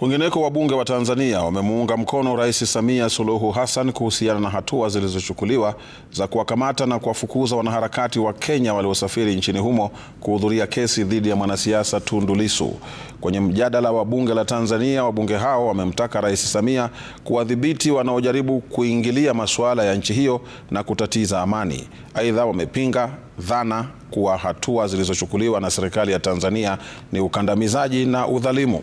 Kwingineko, wabunge wa Tanzania wamemuunga mkono Rais Samia Suluhu Hassan kuhusiana na hatua zilizochukuliwa za kuwakamata na kuwafukuza wanaharakati wa Kenya waliosafiri nchini humo kuhudhuria kesi dhidi ya mwanasiasa Tundu Lissu. Kwenye mjadala wa bunge la Tanzania, wabunge hao wamemtaka Rais Samia kuwadhibiti wanaojaribu kuingilia masuala ya nchi hiyo na kutatiza amani. Aidha, wamepinga dhana kuwa hatua zilizochukuliwa na serikali ya Tanzania ni ukandamizaji na udhalimu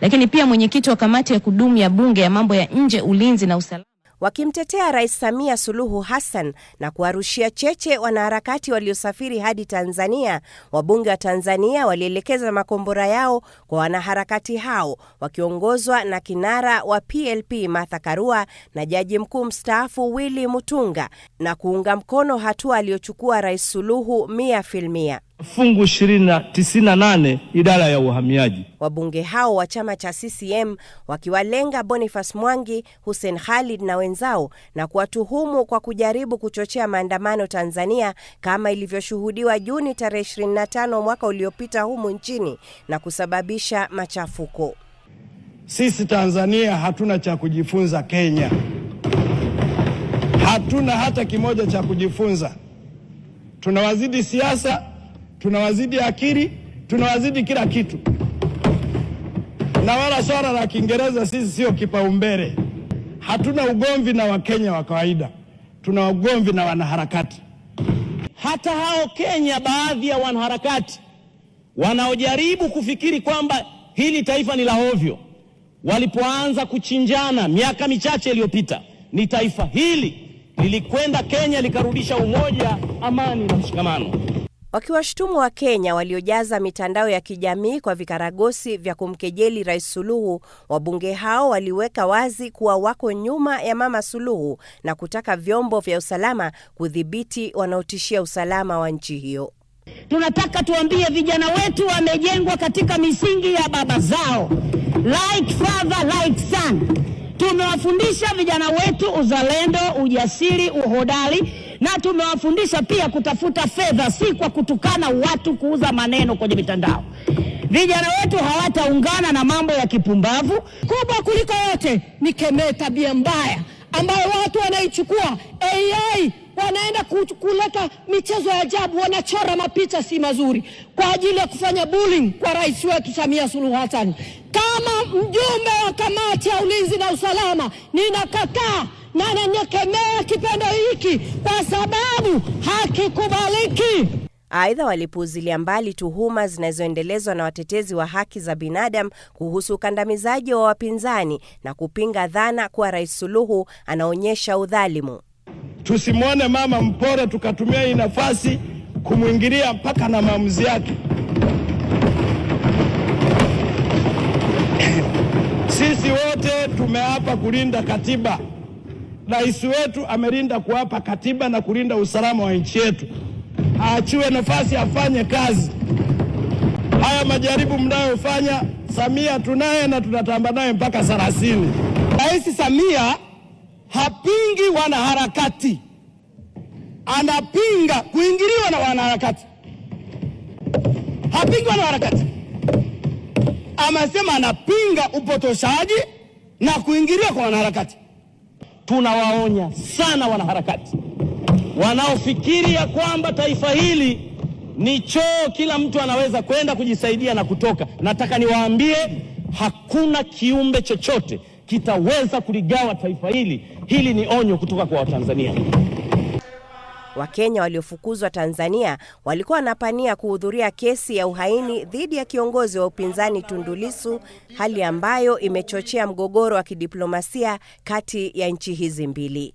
lakini pia mwenyekiti wa kamati ya kudumu ya bunge ya mambo ya nje, ulinzi na usalama wakimtetea Rais Samia Suluhu Hassan na kuwarushia cheche wanaharakati waliosafiri hadi Tanzania. Wabunge wa Tanzania walielekeza makombora yao kwa wanaharakati hao wakiongozwa na kinara wa PLP Martha Karua na jaji mkuu mstaafu Willy Mutunga na kuunga mkono hatua aliyochukua Rais Suluhu mia filmia fungu 298 idara ya uhamiaji. Wabunge hao wa chama cha CCM wakiwalenga Boniface Mwangi, Hussein Khalid na wenzao na kuwatuhumu kwa kujaribu kuchochea maandamano Tanzania kama ilivyoshuhudiwa Juni tarehe 25 mwaka uliopita humu nchini na kusababisha machafuko. Sisi Tanzania hatuna cha kujifunza Kenya. Hatuna hata kimoja cha kujifunza. Tunawazidi siasa tunawazidi akili, tunawazidi kila kitu, na wala swala la Kiingereza sisi sio kipaumbele. Hatuna ugomvi na Wakenya wa kawaida, tuna ugomvi na wanaharakati. Hata hao Kenya, baadhi ya wanaharakati wanaojaribu kufikiri kwamba hili taifa ni la ovyo, walipoanza kuchinjana miaka michache iliyopita, ni taifa hili lilikwenda Kenya likarudisha umoja, amani na mshikamano wakiwashutumu Wakenya waliojaza mitandao ya kijamii kwa vikaragosi vya kumkejeli Rais Suluhu. Wabunge hao waliweka wazi kuwa wako nyuma ya Mama Suluhu na kutaka vyombo vya usalama kudhibiti wanaotishia usalama wa nchi hiyo. Tunataka tuambie vijana wetu wamejengwa katika misingi ya baba zao, like father, like son. Tumewafundisha vijana wetu uzalendo, ujasiri, uhodari na tumewafundisha pia kutafuta fedha, si kwa kutukana watu, kuuza maneno kwenye mitandao. Vijana wetu hawataungana na mambo ya kipumbavu. Kubwa kuliko yote ni kemee tabia mbaya ambayo watu wanaichukua AI, wanaenda kuleta michezo ya ajabu, wanachora mapicha si mazuri kwa ajili ya kufanya bullying kwa rais wetu Samia Suluhu Hassan. Kama mjumbe wa kamati ya ulinzi na usalama, ninakataa na nanyekemea kitendo hiki kwa sababu hakikubaliki. Aidha, walipuuzilia mbali tuhuma zinazoendelezwa na watetezi wa haki za binadamu kuhusu ukandamizaji wa wapinzani na kupinga dhana kuwa Rais Suluhu anaonyesha udhalimu. Tusimwone mama mpore tukatumia hii nafasi kumwingilia mpaka na maamuzi yake. Sisi wote tumeapa kulinda katiba. Rais wetu amelinda kuapa katiba na kulinda usalama wa nchi yetu, aachiwe nafasi afanye kazi. Haya majaribu mnayofanya, Samia tunaye na tunatamba naye mpaka thelathini. Rais Samia hapingi wanaharakati, anapinga kuingiliwa na wanaharakati. Hapingi wanaharakati, amesema anapinga upotoshaji na kuingiliwa kwa wanaharakati tunawaonya sana wanaharakati wanaofikiri ya kwamba taifa hili ni choo, kila mtu anaweza kwenda kujisaidia na kutoka. Nataka niwaambie hakuna kiumbe chochote kitaweza kuligawa taifa hili. Hili ni onyo kutoka kwa Watanzania. Wakenya waliofukuzwa Tanzania walikuwa wanapania kuhudhuria kesi ya uhaini dhidi ya kiongozi wa upinzani Tundu Lissu, hali ambayo imechochea mgogoro wa kidiplomasia kati ya nchi hizi mbili.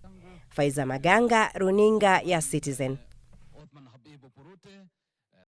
Faiza Maganga, Runinga ya Citizen.